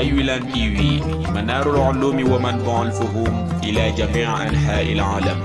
أيولا تي في منار العلوم ومنبع الفهوم إلى جميع أنحاء العالم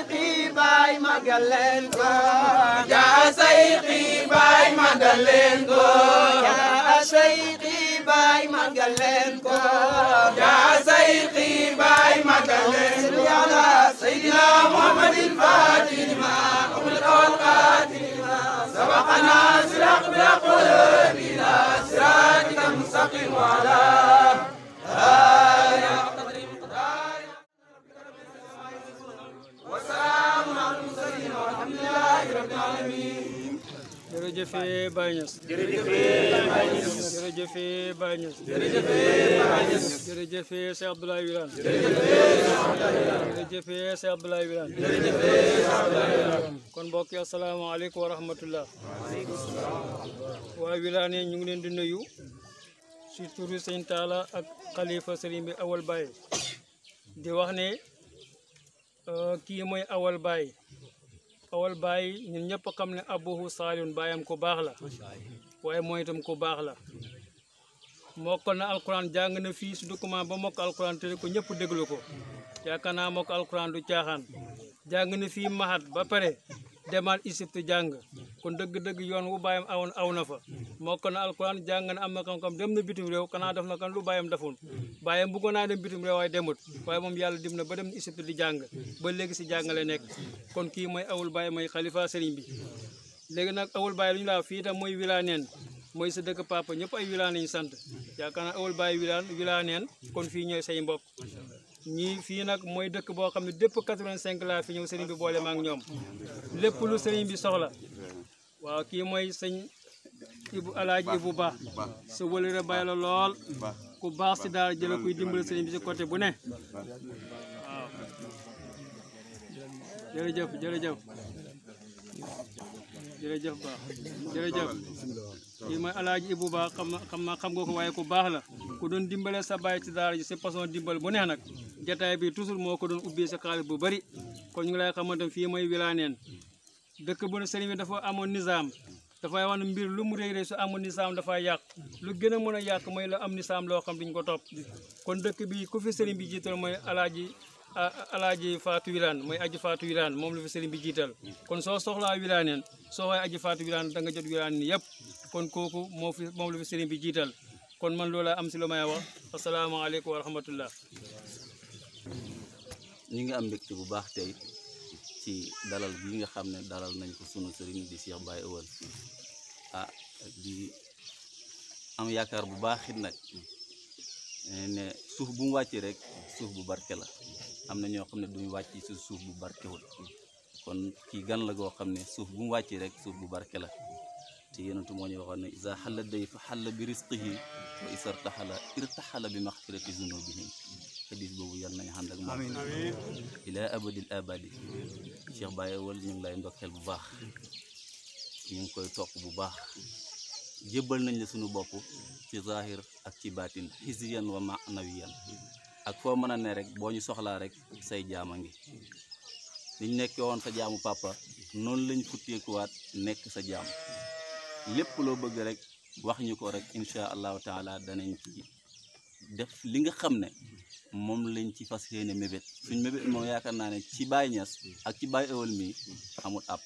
baay magal leen ko yaa sayxi baay magal leen ko yaa sayxi baay magal leen ko yaa sayxi baay magal leen ko yàlla sayyidina muhammadin fatima umul qawl qatima sabaqana siraq bi aqlabina siratika mustaqim wala amiin jërëjëfee Baye Niass jërëjëfee Baye Niass jërëjëfee Baye Niass jërëjëfee Baye Niass jërëjëfee Cheikh Abdoulaye Wilane jërëjëfee Cheikh Abdoulaye Wilane kon mbokk yi asalaamaaleykum wa rahmatullah waa Wilane ñu ngi leen di nuyu si turu sëñ Talla ak xalifa sëriñ Awal Baye di wax ne euh, ki mooy Awal Baye bawal bàyyi ñun ñëpp a xam ne abuhu saalihun bàyyam ku baax la waaye mooy itam ku baax la mokkal na alquran jàng na fii su document ba mokk alquran te ko ñëpp déglu ko yaakaar naa mokk alquran du caaxaan jàng na fii mahat ba pare demaat Égypte jàng kon deug deug yoon wu bayam awon awna fa moko na alquran jàng am kam kam dem na bitim rew kana def na kan lu bàyyam bayam bu ko na dem bitim rew way demut way mom yalla dim na ba dem Égypte di jang ba léegi si jàngale nek kon ki moy awul bayam moy khalifa serigne bi legi nak awul bayam lu ñu laa fii itam mooy wilanen mooy sa deug papa ñep ay wilaan lañu sante yaakaar awul baay wilan wilanen kon fi ñoy say mbokk ñii fi nak moy dekk bo xamni depp 85 la fi ñew serigne bi boole lu serigne bi soxla waaw kii mooy sëñ Ibu Alaaji bu baax sa wëlëre bay lool ku baax si daal jëla kuy dimbali sëñ bi si côté bu ne waaw jërëjëf jërëjëf jërëjëf baax jërëjëf kii mooy alaaji Ibu Ba xam xam naa xam nga ko waaye ku baax la ku doon dimbale sa baay ci daara ji si façon dimbal bu neex nag jataay bi toujours moo ko doon ubbee sa xaalis bu bari kon ñu ngi lay xamante fii moy Wilane dëkk bu ne sëriñ bi dafa amoon nizaam dafay wax ne mbir lu mu réy réy su amul nisaam dafay yàq lu gën a mën a yàq mooy la am loo xam duñ ko topp kon dëkk bi ku fi sëriñ bi jiital mooy alaaji alaaji faatu wilaan mooy aji faatu wilaan moom la fi sëriñ bi jiital kon soo soxlaa wilaaneen soo waaye aji faatu wilaan da nga jot yëpp kon kooku moo fi moom la fi sëriñ bi jiital kon man loolaa am si lu may wax asalaamaaleykum wa rahmatullah ñu ngi am mbégte bu baax tey ci dalal bii nga xam ne dalal nañ ko sunu sëriñ di Cheikh Baye Ewal ah di am yaakaar bu baaxit nag eh, ne suuf bu mu wàcc rek suuf bu barke la am na ñoo xam ne duñu wàcc si suuf bu barkewul kon kii gan la goo xam ne suuf bu mu wàcc rek suuf bu barke la te yenentu moo ñu waxoon ne isa xalla day fa xalla bi risqihi wa isartaxala irtaxala bi maxfirati zunubihim xadis boobu yal nañu ànd ak moom ila abadil abadi Cheikh Baye wal ñu ngi lay ndokkeel bu baax ñu ngi koy topp bu baax jébbal nañ la suñu bopp ci zahir ak ci baatin xisiyan wa maanawiyan ak foo mën a ne rek boo ñu soxlaa rek say a ngi niñ nekkee woon sa jaamu pàppa noonu lañ futteekuwaat nekk sa jaam lépp loo bëgg rek wax ñu ko rek incha allahu taala danañ ci def li nga xam ne moom lañ ci fas yéene mébét suñ mébét moom yaakaar naa ne ci Baye Niass ak ci Baye Ewal mi amul àpp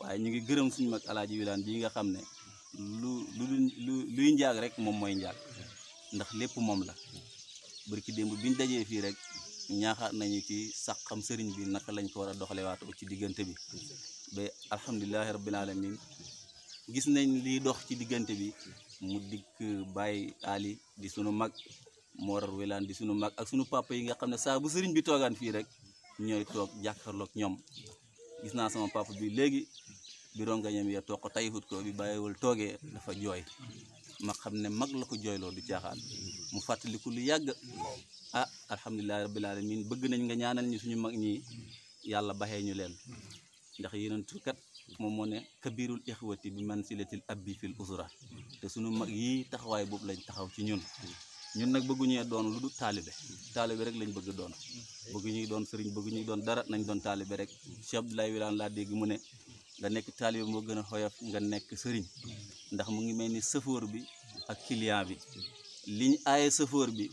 waaye ñu ngi gërëm suñu mag alaaji wilaan bii nga xam ne lu lu luy njaag rek moom mooy njaag ndax lépp moom la barki démb biñ dajee fii rek ñaaxaat nañu ci sàqam sëriñ bi naka lañ ko war a doxalewaatoo ci diggante bi ba alhamdulilahi rabbil alamin gis nañ liy dox ci diggante bi mudik ke Baye Ali di sunu mag Mor welan di sunu mag ak sunu papa yi nga xamne sa bu serigne bi togan fi rek ñooy ñom gis sama papa bi legi bi ñam ya tok ko tayifut ko bi bàyyiwul toge dafa joy ma xamne mag la ko lo du jaxal mu fàttaliku lu yàgg ah alhamdullilah rabbil alamin bëgg nañ nga ñaanal ñu suñu mag ñi yalla baxee ñu len ndax kat moom moo ne kabirul ixwati bi man si silatil abbi fil usra te sunu mag yi taxawaay boobu lañ taxaw ci ñun ñun nag bëgguñee doon lu du taalibe taalibe rek lañ bëgg doon bëgg ñuy doon sëriñ bëgg ñuy doon dara nañ doon taalibe rek Cheikh Abdoulaye Wilane laa dégg mu ne nga nekk taalibe moo gën a xoyof nga nekk sëriñ ndax mu ngi mel ni sëfoor bi ak client bi liñ aaye sëfoor bi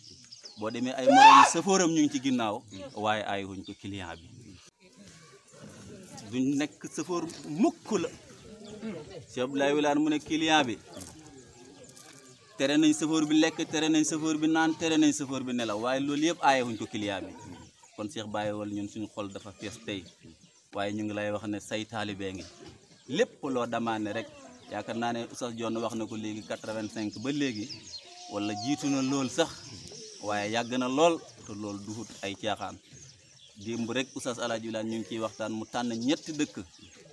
boo demee ay moroomi sëfooram ñu ngi ci ginnaaw waaye aaye wuñ ko client bi du nekk sëfoor mukk la Cheikh Abdoulaye Wilane mu ne client bi tere nañ sëfoor bi lekk tere nañ sëfoor bi naan tere nañ sëfoor bi nelaw waaye loolu yëpp aayewuñ ko client bi kon Cheikh Baye wala ñun suñu xol dafa fees tey waaye ñu ngi lay wax ne say taalibe ngi lépp loo demandé rek yaakaar naa ne Oustaz Dione wax na ko léegi quatre vingt ba léegi walla jiitu na lool sax waaye yàgg na lool te loolu duhut ay caaxaan démb rek oustaz El Hadj Wilane ñu ngi ciy waxtaan mu tànn ñetti dëkk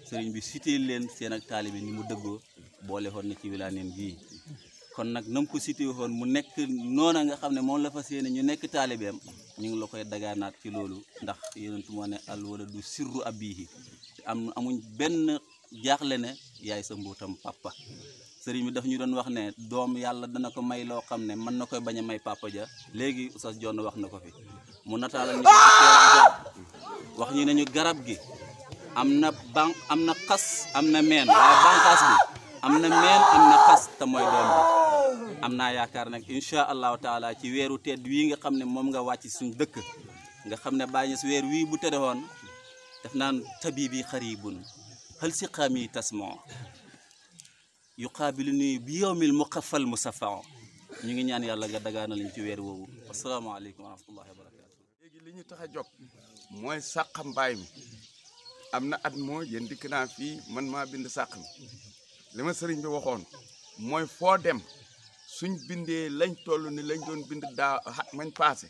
sëriñ bi cité leen seen ak taalibe ni mu dëggoo boole xoon na ci wilaaneen gii kon nag nam ko cité xoon mu nekk noona nga xam ne moom la fa yéene ñu nekk taalibeem ñu ngi la koy dagaanaat ci loolu ndax yonentu moo ne àll wala du sirru abihi am amuñ benn jaaxle ne yaay sa mbootam papa sëriñ bi daf ñu doon wax ne doom yàlla dana ko may loo xam ne mën na koy bañ a may papa ja léegi oustaz John wax na ko fi mu nataalal ñu wax ñu nañu garab gi am na ban am na xas am na meen am na meen am na xas te doom am naa yaakaar nag incha allahu taala ci weeru tedd wii nga xam ne moom nga wàcc suñ dëkk nga xam ne bàyyi weer wii bu tëdde woon daf naan tabibi xaribun hal si xaam yi tas moo yuqaabilu nii bi yowmil mu xafal mu safao ñu ngi ñaan yàlla nga dagaana lañ ci weer woowu asalaamaaleykum wa rahmatullahi wa barakatu liñu taxa tax moy jóg mooy mi amna at mo yeen dik na fi man ma bind sàq lima serigne bi waxoon moy fo dem suñ bindé lañ tollu ni lañ doon bind da mañ passé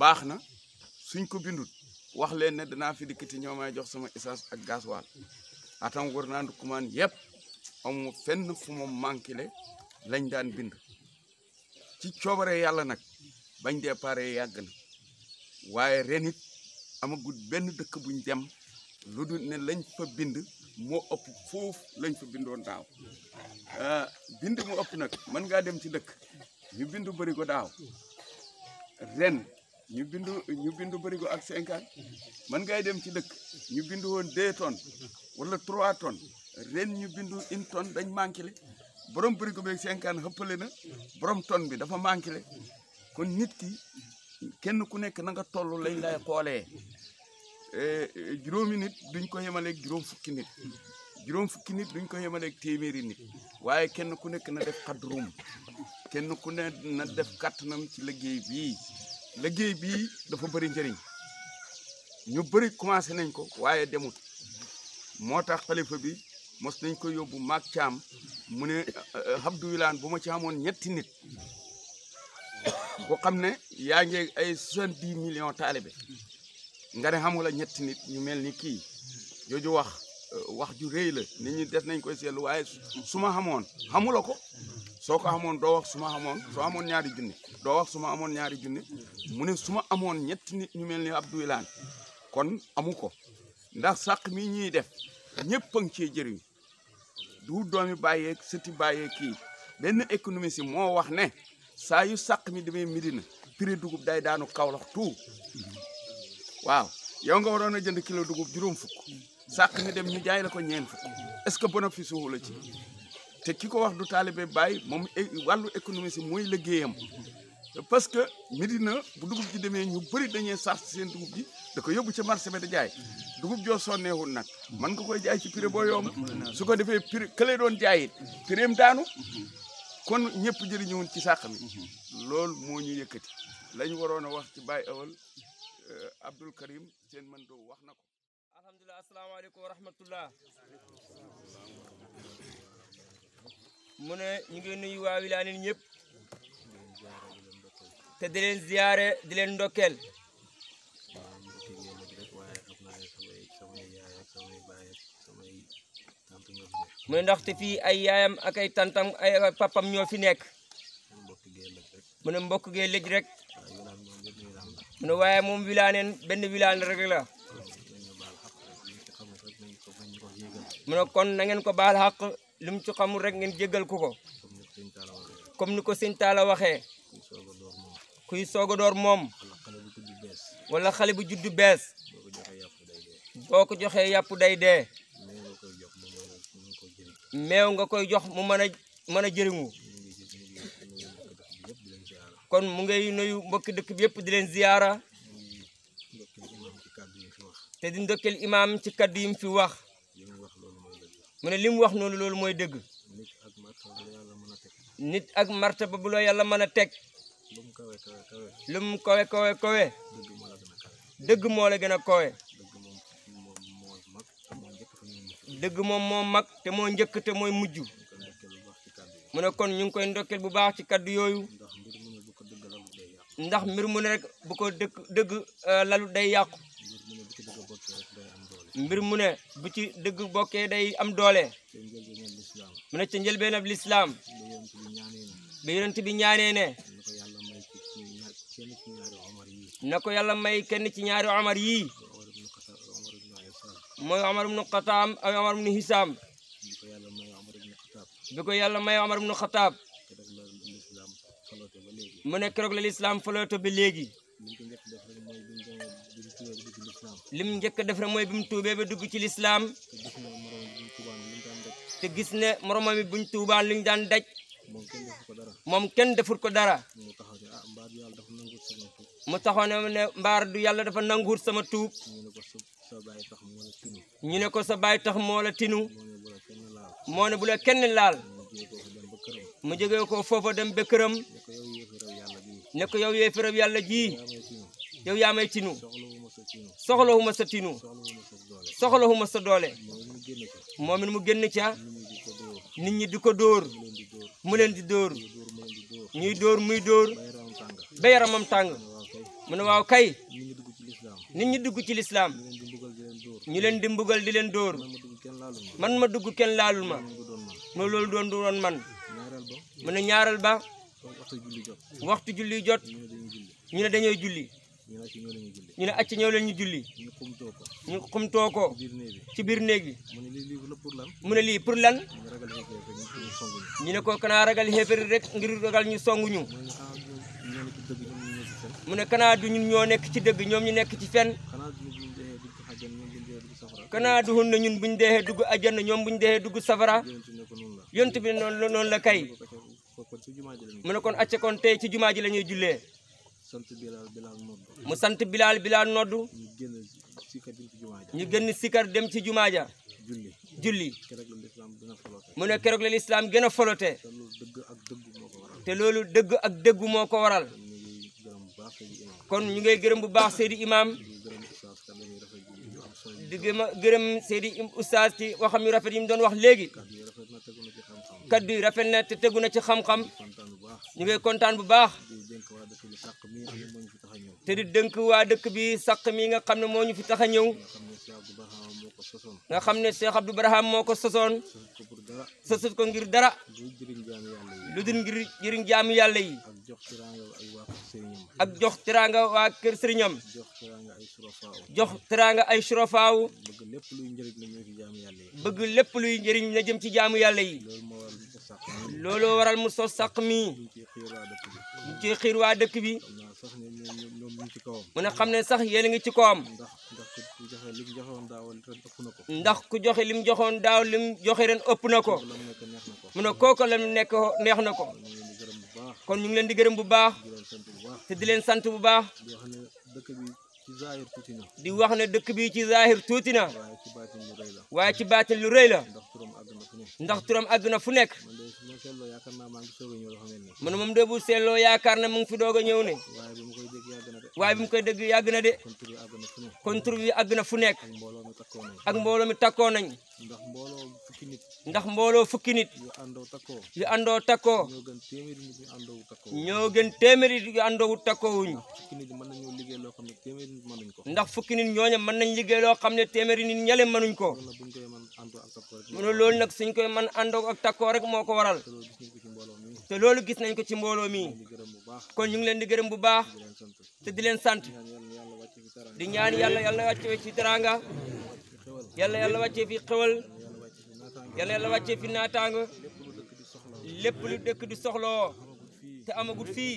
baxna suñ ko bindut wax leen ne dana fi dikkati ñoo jox sama essence ak gasoil atam war kuman ndukkumaan am amu fenn fu mo mankilé lañ daan bind ci ciobare yalla nak bañ dé pare yagna waaye ren it amagul benn dëkk buñ dem lu dul ne lañ fa bind moo ëpp foofu lañ fa bindoon daaw ah, bind mu ëpp nag mën ngaa dem ci dëkk ñu bind bërigo daaw ren ñu bind ñu bindu bërigo ak cinquante mën ngay dem ci dëkk ñu bind woon deux tonnes wala trois tonnes ren ñu bindu une tonne dañ manqué le borom bërigo beeg cinquante xëppale na borom tonne bi dafa manqué kon nit ki kenn ku nekk na nga toll lañ lay xoolee eh, eh, juróomi nit duñ ko yemaleeg juróom fukki nit juróom fukki nit duñ ko yemaleeg téeméeri nit waaye kenn ku nekk na def xadrum kenn ku ne na def kàttanam ci liggéey bii liggéey bii dafa bëri njëriñ ñu bëri commencé nañ ko waaye demut moo tax xalifa bi mos nañ ko yóbbu maag caam mu ne eh, Abdou Wilane bu ma ci amoon ñetti nit ku xam ne yaa ngi ay soixante-dix millions taalibe nga ne xamula ñetti nit ñu mel ni kii jooju wax euh, wax ju rëy la nit ñi des nañ koy seetlu waaye su ma xamoon xamula ko soo ko xamoon doo wax su ma xamoon soo amoon ñaari junni doo wax su ma amoon ñaari junni mu ne su ma amoon ñetti nit ñu mel ni Abdou Wilane kon amu ko ndax saq mi ñuy def ñëpp a ngi cee jëriñ du doomi bàyyee sëti bàyyee kii benn économiste moo wax ne saa yu sàq mi demee Médina prix dugub day daanu Kaolack tout waaw yow nga waroon a jënd kilo dugub juróom fukk sàq mi dem ñu jaay la ko ñeen fukk est-ce que bénéfice wu la ci te ki ko wax du taalibe Baye moom e, wàllu économie si mooy liggéeyam parce que Médina bu dugub ji demee ñu bëri dañu sàq seen dugub ji da ko yóbbu ci marché bi da jaay dugub joo sonneewul nag man nga koy jaay ci prix boo yomb su ko defee prix kële doon jaay it prix daanu kon ñëpp jëriñëwoon ci sàq mi mhm. loolu moo ñu yëkkati lañ waroon a wax ci Baye Awal euh, Abdoul Karim seen mën doo wax na ko alhamdulilah asalaamaaleykum wa rahmatullah mu ne ñu ngi nuyu waa wilaane ñëpp te di leen ziyaare di leen ndokkeel mu ne ndaxte fii ay yaayam ak ay tantam ay papam ñoo fi nekk mu ne mbokk gee lëj rek mu ne waaye moom wilaaneen benn wilaan rek la mu ne kon nangeen ko baal xaq lu mu ci xamul rek ngeen jéggal ko ko comme ni ko sëñ Talla waxee kuy soog a door moom wala xale bu juddu bees boo ko joxee yàpp day dee meew nga koy jox mu mën a mën a jëriñu kon mu ngay nuyu mbokki dëkk bi yëpp di leen ziyaara te di ndokkeel imaam ci kaddu yi mu fi wax mu ne li mu wax noonu loolu mooy dëgg nit ak martaba bu la yàlla mën a teg lu mu kawe kawe kawe dëgg moo la gën a kawe dëgg moom moo mag te moo njëkk te mooy mujj mu ne kon ñu ngi koy ndokkeel bu baax ci kaddu yooyu ndax mbir mu ne rek bu dëkk dëgg euh, lalu day yàqu mbir mu ne bu ci dëgg bokkee day am doole mu ne ca njëlbeen ab lislaam ba bi ñaanee ne na ko yàlla may kenn ci ñaari omar yii mooy Omar ibnu Xataab ak Omar ibnu Hisaam bi ko yàlla may Omar ibnu Xataab mu ne keroog la lislaam falooto bi léegi mu njëkk def rek mooy bi mu tuubee ba dugg ci lislaam te gis ne moromam yi buñ tuubaan li ñu daan daj moom kenn defut ko dara mu taxaw ne mbaar du yàlla dafa nanguwut sama tuub ñu ne ko sa baay tax moo la tinu moo ne bu la kenn laal mu jógee ko foofa dem ba këram ne ko yow yee firab yàlla ji yow yaa may tinu soxlawuma sa tinu soxlawuma sa doole moo it mu génn ca nit ñi di ko dóor mu leen di dóor ñuy dóor muy dóor ba yaramam tàng mu ne waaw kay nit ñi dugg ci lislaam ñu leen di mbugal di leen dóor man ma dugg kenn laalul ma ma loolu doon du doon man mu ne ñaaral ba waxtu julli jot ñu ne dañoy julli ñu ne acc ñëw leen ñu julli ñu xumtoo ko ci biir néeg bi mu ne lii pour lan ñu ne ko kanaa ragal xeefari rek ngir ragal ñu songu ñu mu ne kanaa du ñun ñoo nekk ci dëgg ñoom ñu nekk ci fen kanaa duhun na ñun buñ deexee dugg àjjana ñoom buñ deexee dugg safara yontu bi noonu noonu la kay mu ne kon acca kon tey ci jumaa ji la ñuy jullee mu sant bilaal bilaal noddu ñu génn sikar dem ci jumaa ja julli mu ne keroog la lislaam gën a folote te loolu dëgg ak dëggu moo ko waral kon ñu ngay gërëm bu baax Seydi Imaam di gëm gërëm Seydi Oustaz ci waxam yu rafet yi mu doon wax léegi kaddu yi rafet na te tegu na ci xam-xam ñu ngi kontaan bu baax te di dënk waa dëkk bi saq mi nga xam ne moo ñu fi tax a ñëw nga xam ne Cheikh Abdou Barham moo ko sosoon sosut ko ngir dara lu dul ngir jëriñ yàlla yi ak jox teraanga waa kër sëriñam jox teraanga ay surafaaw bëgg lépp luy njëriñ la jëm ci jaamu yàlla yi bëgg lépp luy njëriñ la jëm ci jaamu yàlla yi looloo waral mu sos sàq mi ñu ci xiir waa dëkk bi mu ne xam ne sax yéen a ngi ci kawam ndax ku joxe lim joxoon daaw lim joxe ren ëpp na ko mu ne kooku lam nekk neex na ko kon ñu ngi leen di gërëm bu baax te di leen sant bu baax ci zaahir di wax ne dëkk bi ci zaahir tuuti na. waaye ci baatin lu rëy la. waaye ci baatin lu rëy la. ndax turam àgg na fu nekk. ndax turam àgg na fu nekk. man moom de yaakaar na mu fi doog a ñëw ne. waaye bi mu koy dégg yàgg na de. waaye bi yàgg na de. kon tur bi nekk. ak mbooloo mi takkoon nañ. ak mbooloo mi takkoon nañ. ndax ndax mbooloo fukki nit. yu àndoo takkoo. yu àndoo takkoo. ñoo gën téeméeri nit yu àndoo takkoo. ñoo gën téeméeri nit yu àndoo takkoo wuñ. ndax fukki nit ñooñu mën nañ liggéey loo xam ne téeméeri nit ñale mënuñ ko. mu ne loolu nag suñ koy mën àndoo ak takkoo rek moo ko waral. te loolu gis nañ ko ci mbooloo mi. kon ñu ngi leen di gërëm bu baax. te di leen sant. di ñaan yàlla yàlla wàcce ci teraanga. yàlla yàlla wàcce fi xewal. yal na yàlla wàccee fi naataanga lépp lu dëkk di soxloo te amagut fii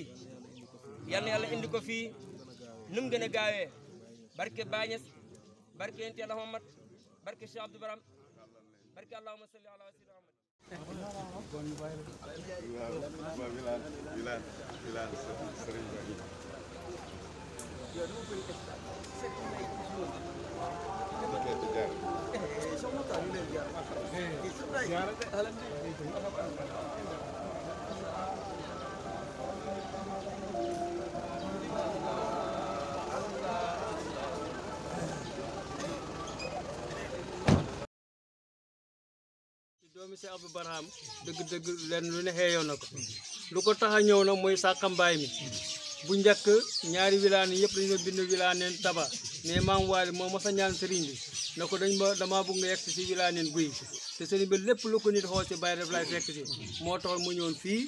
yal na yàlla ko fii nu gën a gaawee barke Bañes barke Yonent Yàlla Muhammad barke Cheikh Abdou Baram doomi si Abdou Barham dëgg-dëgg leen lu ne xeeyoon na lu ko tax a ñëw na mooy sàkkambaay mi bu njëkk ñaari wilaane yëpp dañu bind wilaaneen taba mais maam Waly moo mos a ñaan sëriñ bi na dañ ma damaa bëgg nga yegg si Wilane Guèye te sëriñ lépp lu ko nit xool si Baye daf lay fekk si moo taxoon mu ñëwoon fii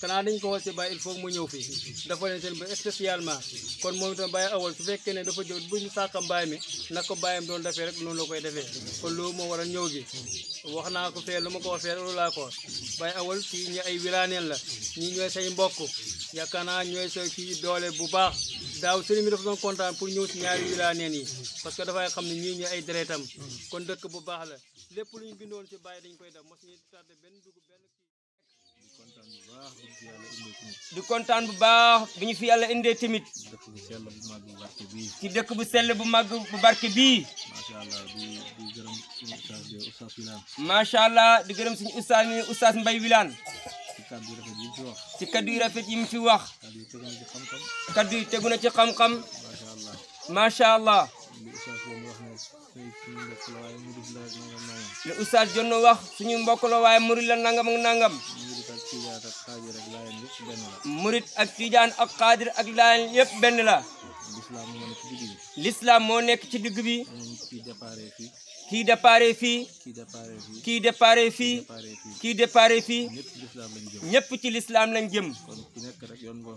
xanaa dañ ko xool si Baye il faut mu ñëw fii dafa leen seen ba spécialement kon moom itam Baye awal su fekkee ne dafa jël bu ñu sàkkam mi na ko Bayeem doon defee rek noonu la koy defee kon loolu moo waral ñëw gi wax naa ko fee lu ma ko wax fee loolu ko Baye awal fii ñu ay Wilaneen la ñi ñooy say mbokk yaakaar naa ñooy sa kii doole bu baax daaw sëriñ bi dafa doon kontaan pour ñëw si ñaar wilaa neen yi parce que dafay xam ne ñii ñu ay deretam kon dëkk bu baax la lépp lu ñu bindoon ci bàyyi dañ koy def mos ñu tardé benn dugub benn kii di kontaan bu baax bi ñu fi yàlla indee tamit ci dëkk bu sell bu màgg bu barke bii macha allah di gërëm suñu ustaas mi ustaas Mbay Wilane ci kaddu yu rafet yi mu fi wax kaddu yi tegu na ci xam-xam sha allah le oustad jonne wax suñu mbokk lo way murid la nangam ak nangam murid ak tidiane ak qadir ak lan yep ben la l'islam mo nek ci dug bi ki déparé fi ki déparé fi ki déparé fi lislaam lañ jëm ci lislaam lañ jëm kon ku nekk rek yoon nga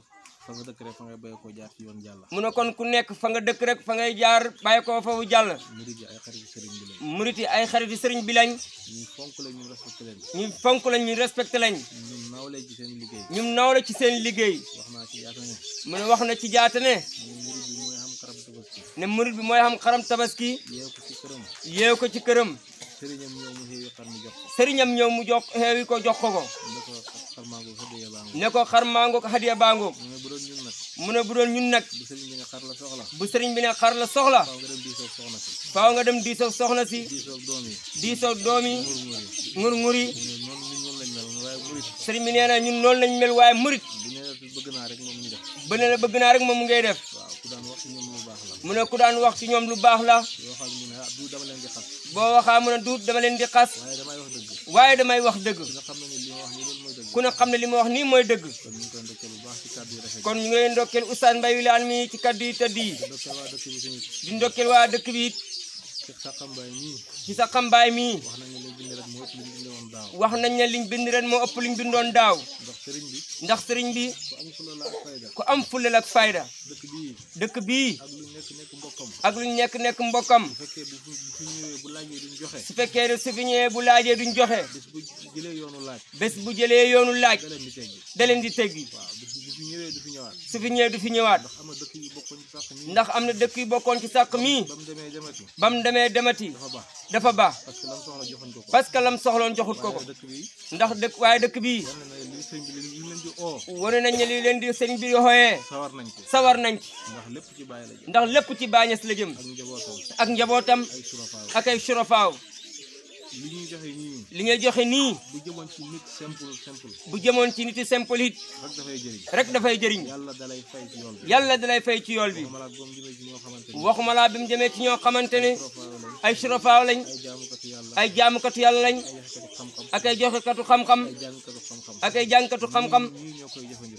fa nga dëkk rek fa ngay jaar ci yoon fa nga jàll murit yi ay xariti bi lañ murit yi ay xariti sëriñ bi lañ ñu fonk lañ ñu respecté lañ ñu fonk lañ ñu respecté lañ ñun nawle ci seen liggéey ñun nawle ci seen wax na ci jaata ne ne murit bi mooy xam xaram tabaski yeew ko ci këram serignam ñoo mu jox xeewi ko jox ko ko ne ko xarmaangoog hadiya bango mu ne bu doon ñun nak bu serign bi ne xar la soxla faaw nga dem diisoog soxna si diisoog doom yi ngur nguri serign bi ne na ñun noonu lañ mel waye murid bu ne la bëgg na rek mom mu ngay def mu ne ku daan wax ci ñom lu baax la bo waxaa mu ne duut dama len di xass waye dama wax deug ku na xam ne wax ni moy deug kon ñu ngi leen oustad mbay wi Wilane mi ci kaddu yi tëdd di ndokkeel wa dekk bi ci saxam bay mi wax nañ ne liñ bind ren mo upp liñ bindon daw ndax serign bi ku am fulal ak fayda dekk bi ak lu nekk nekk mbokam laajee duñ joxe. su fekkee ne souvenir bu laajee duñ joxe. bés bu jëlee yoonu laaj. bés yoonu laaj. da leen di teggi da leen di teggi. waaw bés bu fi ñëwee du fi ñëwaat. souvenir du fi ñëwaat. ndax am na dëkk yu bokkoon ci sàq mi. ndax am na dëkk ba mu demee demati. dafa baax dafa baax. parce que lam parce que lam soxloon joxut ko ko. ndax dëkk waaye dëkk bii. wane nañ ne lii leen di sëriñ bi xooyee sawar nañ ci sawar nañ ci ndax lépp ci bàyyi la lépp ci bàyyi la jëm ak njabootam ak njabootam ak ay surafaaw li ñuy joxe nii. li ngay joxe nii. bu jëmoon ci nit simple simple. bu jëmoon ci nit simple it. rek dafay jëriñ. rek dafay jëriñ. yàlla dalay fay ci yool bi. yàlla dalay fay ci yool bi. mu jëmee ci ñoo xamante ay surafaaw lañ. ay jaamukatu yàlla lañ. ak ay joxekatu xam-xam. ak ay jàngkatu xam-xam.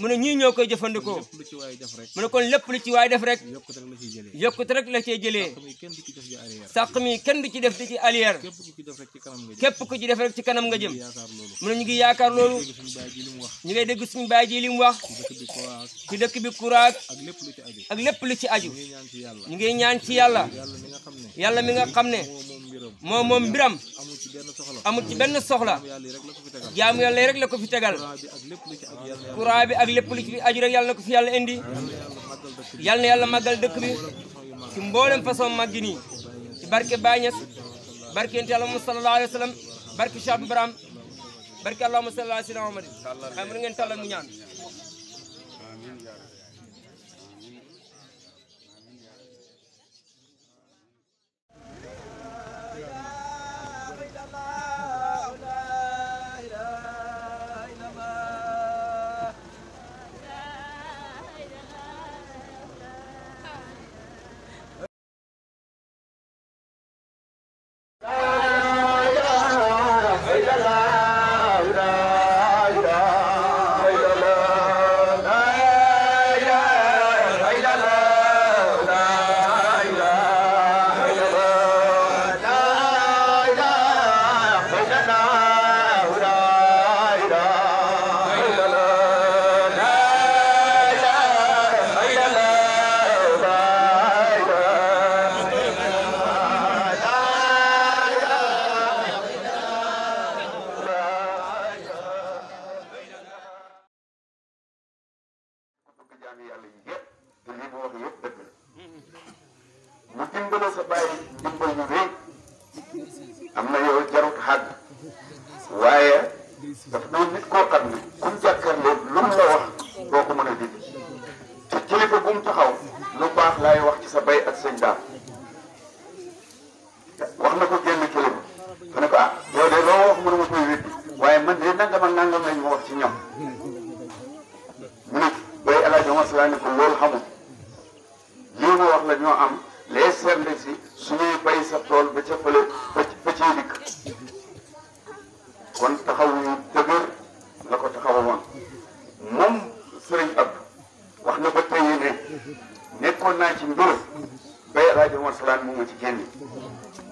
mu ne ñii ñoo koy jëfandikoo. mu ne kon lépp lu ci waay def rek. yokkute rek la cee jëlee. sàq mi kenn du ci def di ci arrière. képp ku ci def rek ci kanam nga jëm mu ne ñu ngi yaakaar loolu ñu ngay dégg suñu baay ji li mu wax ci dëkk bi kuraak ak lépp lu ci aju ñu ngi ñaan ci yàlla yàlla mi nga xam ne moom moom mbiram amul ci benn soxla jaamu yàlla rek la ko fi tegal kuraa bi ak lépp lu ci aju rek yàlla na ko fi yàlla indi yàlla na yàlla màggal dëkk bi ci mboolem façon màggi nii ci barke Baay Ñas barke yonent Yàlla moom sallallahu alayhi wa sallam barke Cheikh Ibrahim barke Allahumma salli ala sayyidina Muhammad xam ngeen tàllal mu ñaan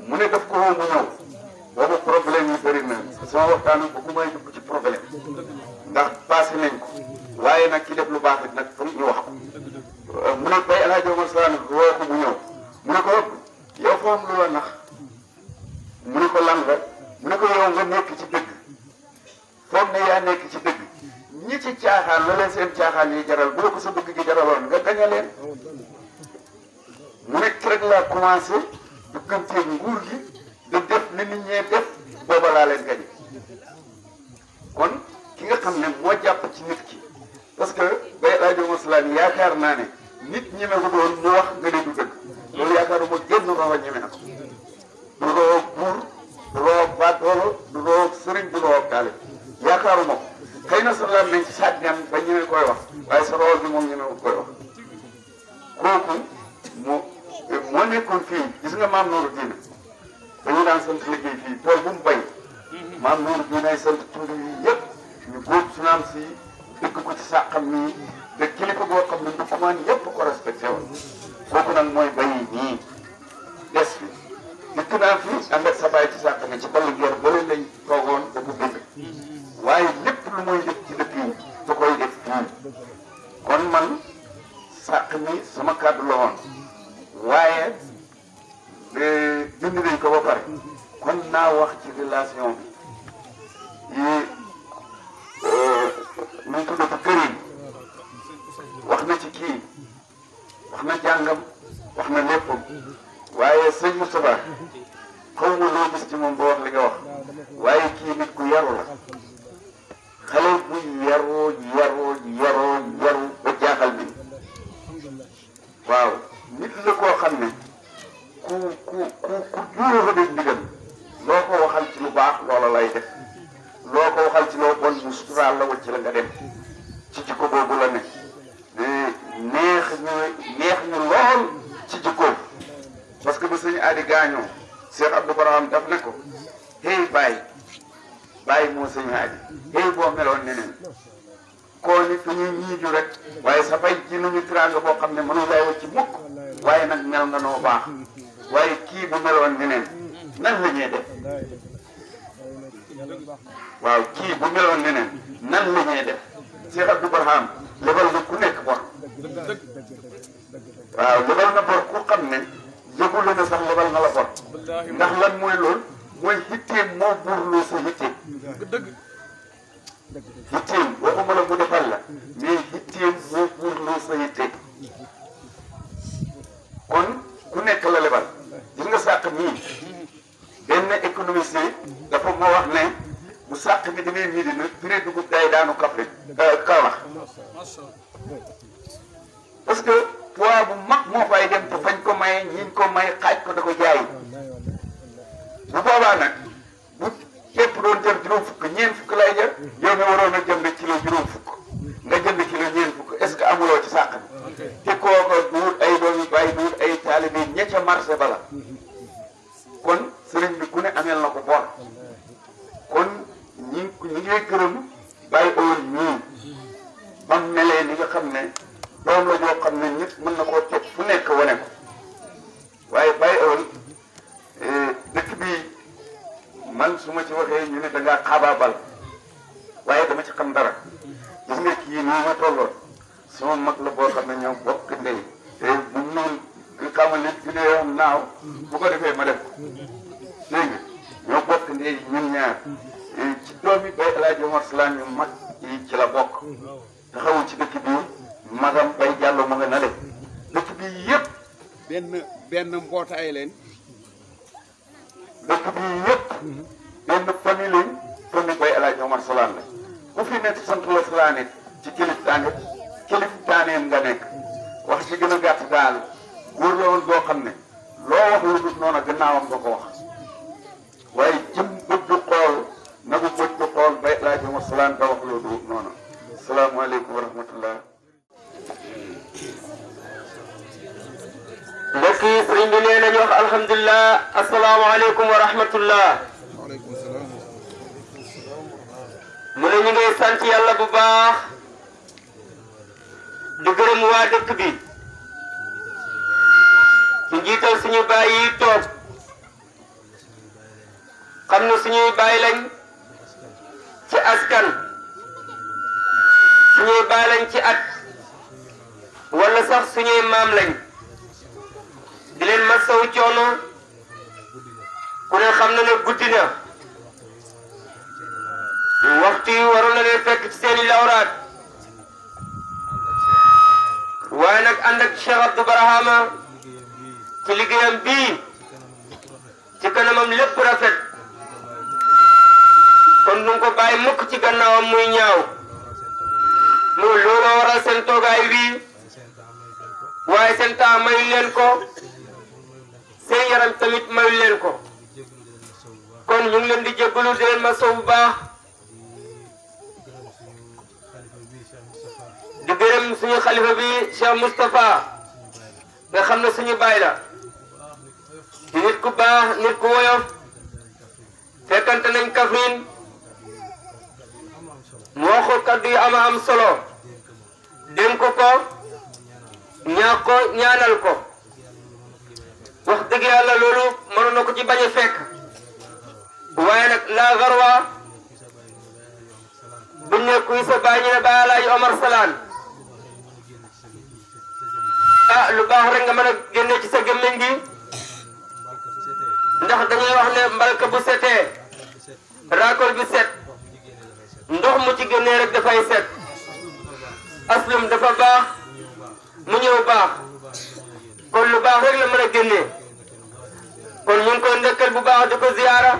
mu ne daf ko woo mu ñëw boobu problème yi bëri na sama waxtaan bu ku may dugg ci problème ndax passé nañ ko waaye nag ki def lu baax nag foog ñu wax ko euh, mu ne bay El Hadj Omar Sall woo ko mu ñëw mu ne ko yow foo lu la nax mu ne ko lan la mu ne ko yow nga nekk ci dëgg foog ne yaa nekk ci dëgg ñi ci caaxaan la leen seen caaxaan yi jaral bu la ko sa dëgg gi jaraloon nga gañ a leen mu rek laa commencé. bëggantee nguur gi di def na nit ñee def booba laa leen gañe kon ki nga xam ne moo jàpp ci nit ki parce que bay rajo masalaan yaakaar naa ne nit ñeme ko doon mu wax nga ne du dëgg loolu yaakaaruma génn roba ñeme na ko du roog buur du roog baadoolo du roog sëriñ du roog taale yaakaaruma ko xëy na sa laam nañ ba ñeme koy wax waaye sa roog bi moom ñeme koy wax kooku mu moo nekkoon fii gis nga maam Nooru Diine dañu daan sant liggéey fii tool bu mu bay mhm. maam Nooru Diine ay sant tund yi yëpp ñu góob sunaam si dëkk ko ci sàqam nii te kilifa goo xam ne ndukumaan yëpp ko respecté woon kooku nag mooy bay yi nii des fi dikk naa fi ànd sa baay ci sàq ni ci ballu geer bële lañ toogoon da ko dégg waaye lépp lu mooy def ci dëkk yi da koy def fii kon man sàq sama kàddu la waaye bind nañ ko ba pare kon naa wax ci relation bi yi euh, nu tuddati këriñ wax na ci kii wax na jàngam wax na léppam waaye sëñ Moustapha xaw ma loo gis ci moom ba wax li wax waaye kii nit ku yaru la xale yaru yaru yaru yaru ba jaaxal bi waaw nit la koo xam ne ku ku ku ku juuroo fa dégg ndigal loo ko waxal ci lu baax loola lay def loo ko waxal ci loo bon mu suturaal la wacc la nga dem ci jikko boobu la ne neex ñu neex ñu lool ci jikkoom parce que ba sëñ Adi gaañoo Cheikh Abdou Baraham daf ne ko hey bàyyi bàyyi moo sëñ Adi hey boo meloon neneen koo ni ñuy ñiiju rek waaye sa bay ji nuñu tiraanga boo xam ne mënu laa wacc mukk waaye nag mel nga noo baax waaye kii bu meloon neneen nan la ñuy def waaw kii bu meloon neneen nan la ñuy def Cheikh Abdou Barham lebal na ku nekk bor waaw lebal na bor ku xam ne yëgule na sax lebal na la bor ndax lan mooy lool mooy hitteem moo buurloo sa hitteem hitteem waxuma la mu defal la mais hitteem moo buurloo sa hitteem kon ku nekk la lebal gis nga sàq mii benn économiste dafa moo wax ne bu sàq bi demee mii dina prix dugub day daanu kafri euh, kaolax parce que poids bu mag moo fay dem te fañ ko may ñiñ ko may xaaj ko da ko jaayi bu boobaa nag bu képp doon jëm juróom fukk ñeent fukk lay jël yow mi waroon a jënd kilo juróom fukk nga jënd kilo ñeent fukk est-ce que amuloo ci sàq bi te koo taalibe ña ca bala kon sëriñ bi ku ne ameel na ko bor kon ñi ñi ngay gërëm bàyyi oon ñii bam melee ni nga xam ne doom la joo xam ne nit mën na koo teg fu nekk wane ko waaye bàyyi oon eh, dëkk bi man suma ma ci waxee ñu ne da ngaa xaabaabal waaye dama ci xam dara gis nga kii nii tolloon sama mag la boo xam ne ñoo bokk ndey te noonu nga xamal ne bi ne naaw bu ko defee ma def dégg nga ñoo bokk ndey ñun ñaar ci doom yi bay El Hadj Omar Salaam yu mag ci la bokk taxawul ci dëkk bi magam bay jàllo ma nga na le dëkk bi yëpp benn benn mbootaay leen dëkk bi yëpp benn famille lañ bay El Omar Salaam la ku fi nekk sant la Salaam ci kilif taane nga nekk wax ci gën a gàtt daal góor la woon boo xam ne wax lu dul noonu gannaawam nga ko wax waaye jëm bët du xool nagu bët du bay laaj ma salaan nga wax loo dul noonu wa rahmatullah yi sëriñ bi nee nañu wax wa rahmatullah mu ne ñu ngi sant yàlla bu baax di gërëm waa dëkk bi ci njiital suñu bàyyi yi toog xam ne suñuy bàyyi lañ ci askan suñuy bàyyi lañ ci at wala sax suñuy maam lañ di leen masawu coono ku ne xam na ne guddi waxtu waroon na leen fekk ci seeni lawraat waaye nag ànd ak Cheikh Abdou Barahama ci liggéeyam bii ci kanamam lépp rafet kon du ko bàyyi mukk ci gannaawam muy ñaaw moo looloo waral seen toogaay bii waaye seen temps mayu leen ko seen yaram tamit mayu leen ko kon ñu leen di jéggalu di leen masawu bu baax di gërëm suñu xalifa bi Cheikh Moustapha nga xam ne suñu baay la. nit ku baax nit ku woyof fekkante nañ Kaffrine mu wax ko kaddu yu ama am solo dénk ko ko ñaa ko ñaanal ko wax dëgg yàlla loolu mënoon na ko ci bañ a fekk waaye nag la garwa bu ne kuy sa baay ñu ne baay Alaaji Omar Salaan ah lu baax rek nga mën a génne ci sa gémmiñ ndax dañuy wax ne mbalka bu setee raakool bi set ndox mu ci génnee rek dafay set aslum dafa baax mu ñëw baax kon baax rek la mën a génnee kon ñu koy ndëkkal bu baax di ko ziyaara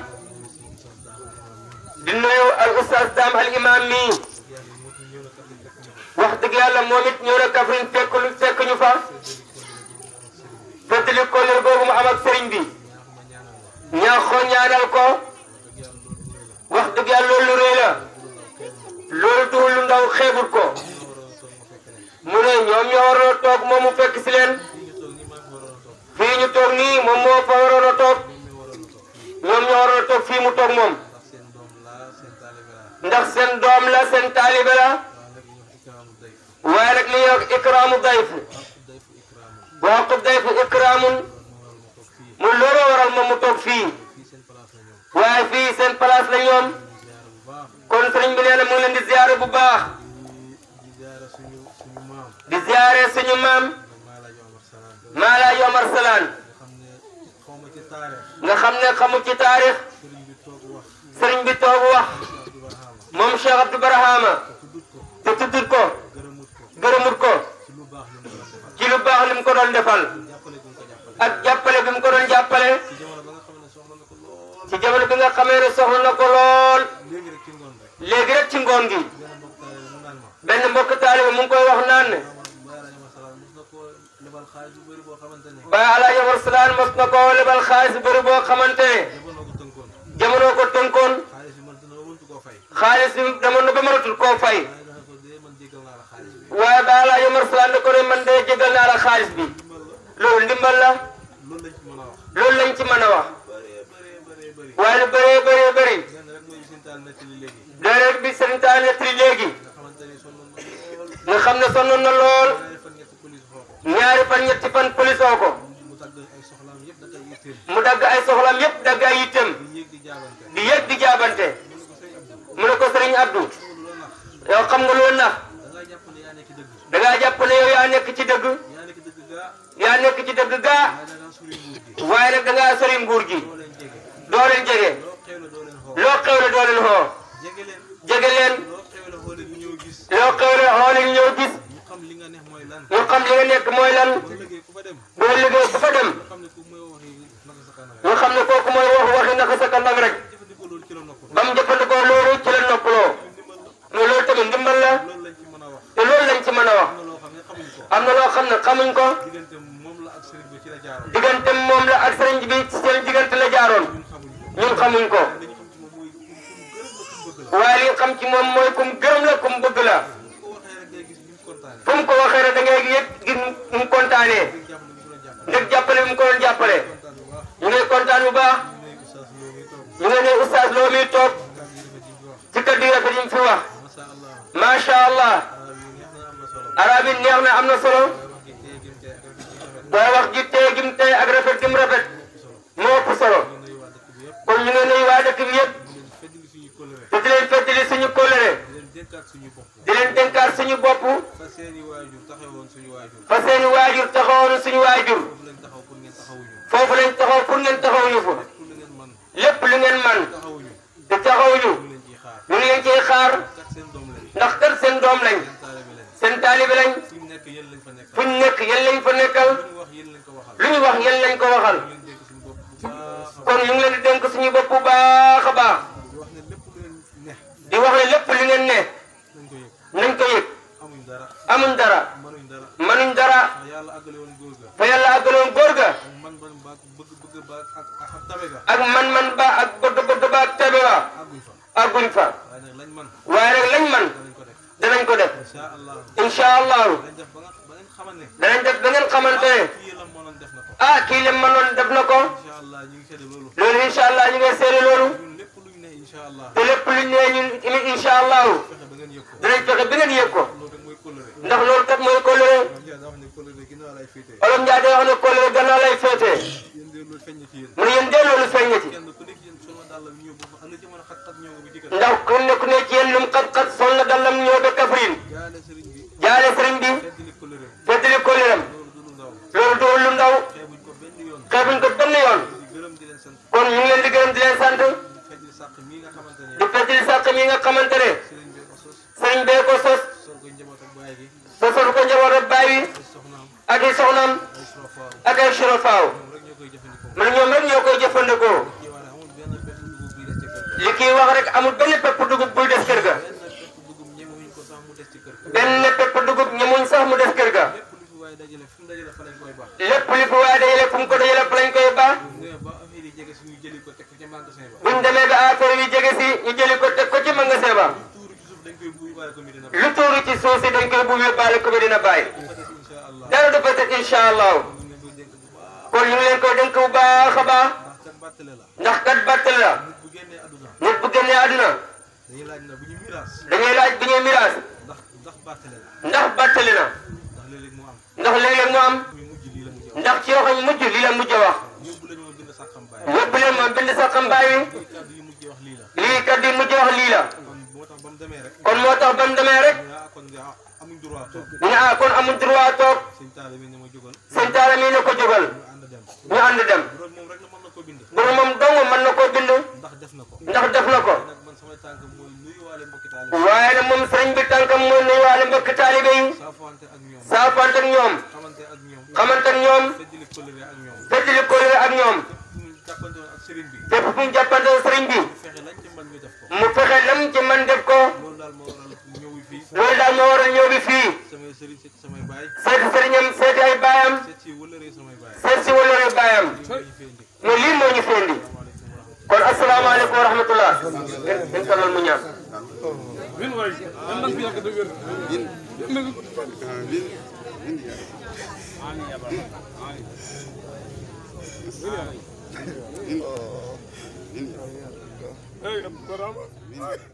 di nuyu al ustaas daam al imaam mii wax dëgg yàlla moom it ñëw na Kaffrine fekk fekk ñu fa fàttali ko leer mu am sëriñ bi ñaax ko ko wax dëgg yàlla loolu lu rëy la loolu du lu ndaw xeebul ko mu ne ñoom ñoo waroon toog moom mu fekk si leen toog nii moom moo fa waroon a toog ñoom ñoo waroon toog fii mu toog moom ndax seen doom la seen taalibe la waaye nag li ñuy wax ikraamu dayf wa ikraamun mu looloo waral moom mu toog fii waaye fii seen place la ñoom kon sëriñ bi nee na leen di ziare bu baax di ziare suñu maam Maalaaji ya Omar Salaan nga xam ne xamu ci taarix sëriñ bi toog wax moom Cheikh Abdou Barahama te tuddut ko gërëmut ko ci lu baax ko doon defal ak bi boole. ci jamono bi nga xamee ne soxla na ko lool. léegi rek ci ngoon gi. benn mbokk taalibe mu ngi koy wax naan ne. Baay Alaaji Omar Salaan mos na koo lebal xaalis bu bëri boo xamante ne. jamono ko tënkoon. xaalis bi dama ne ba mënatul koo fay. waaye Baay Alaaji Omar Salaan ne ko ne man de jégal naa la xaalis bi. loolu ndimbal la. loolu lañ ci mën a wax waaye lu bëree bëree bëri deret bi seen taal nettali léegi nga xam ne sonnoon na lool ñaari fan ñetti fan police oo ko mu dagg ay soxlaam yëpp dagg ay yitteem di yëg di jaabante mu ne ko sëriñ Abdou yow xam nga loolu nax da ngaa jàpp ne yow yaa nekk ci dëgg yaa nekk ci dëgg gaa waaye nag da ngaa sori nguur gi doo leen jege loo xewle doo leen xoo jege leen loo xewle xoo leen ñëw gis ñu xam li nga nekk mooy lan boo liggéey ku fa dem ñu xam ne kooku mooy wax waxi naka sa kanam rek ba mu jëfandikoo loolu ci la noppaloo mais loolu tamit ndimbal la te loolu lañ ci mën a wax am na loo xam ne xamuñ ko. diggante moom la ak sëriñ bi seen diggante la jaaroon ñun xamuñ ko waaye li ci moom mooy kum gërëm la kum bëgg la fu mu ko waxee rek da ngay yëg gis mu kontaanee ndax jàppale mu ko doon jàppale ñu ngi kontaan bu ne oustaz loo muy toog ci fi wax macha allah arab yi am na solo. boo wax ji tey gim tey ak rafet gim rafet moo ëpp solo kon ñu ngi nuyu waa dëkk bi yëpp te di leen feddali suñu kóllëre di leen dénkaat suñu bopp fa seeni waajur taxawoon suñu waajur foofu lañ taxaw pour ngeen taxawuñu fa lépp lu ngeen man nekkuñ fa waaye nag lañ man danañ ko def incha allahu danañ def ba ngeen xamante ne ah kii lim mënoon def na ko loolu incha allah ñu ngi seede loolu te lépp luñ nee ñun incha allahu danañ fexe ba ngeen yëg ko ndax loolu kat mooy kóllëre. jaale sëriñ bi feddali kóllëram loolu doon lu ndaw xeebuñ ko benn yoon kon ñu ngi leen di gërëm di leen sant di feddali sàq mi nga xamante ne sëriñ bee ko sos sosal ko njaboot ak baay wi ak i soxnaam ak ay surafaaw man ñoom rek ñoo koy jëfandikoo li kii wax rek amul benn pepp dugub buy des kër ga benn sax mu des kër ga lépp li fi waay dajale fu mu ko dajale fa lañ koy baax buñ demee ba affaire yi jege si ñu jëli ko teg ko ci magasin ba lu tuuru ci suuf dañ koy bu yóbbaale ko Medina Baye dara du fa teg incha allah kon ñu leen ko dénk bu baax a ndax kat bàttale la nit bu génnee àdduna dañuy laaj bu ñuy miraas. ndax ndax bàttale la. ndax battali na ndax léeg-léeg mu am ndax ci waxam mujj lii la mujj wax yóbbu leen ma bind sa xambaay yi lii kaddu yi mujj wax lii la kon moo tax ba mu demee rek ñu ah kon amuñ droit toog sëñ taala mii ne ko jógal ñu ànd dem bu moom dong mën na koo bind ndax def na ko. waaye nag moom sëriñ bi tànkam mooy nuyuwaale mbokk taalibe yi saafante ak ñoom xamante ak ñoom tëjli kóllëre ak ñoom bépp bu ñu jàppandoon sëriñ bi mu fexe lam ci man def ko loolu daal moo waral ñëw bi fii seeti sëriñam seeti ay baayam seet si wëllëree baayam mu lii moo ñu fendi kon asalaamaaleykum wa rahmatullah. وين واي لما في ياك دوير وين لما كنت فاهم وين وين يا عاني يا بابا عاني وين يا وين يا اي برافو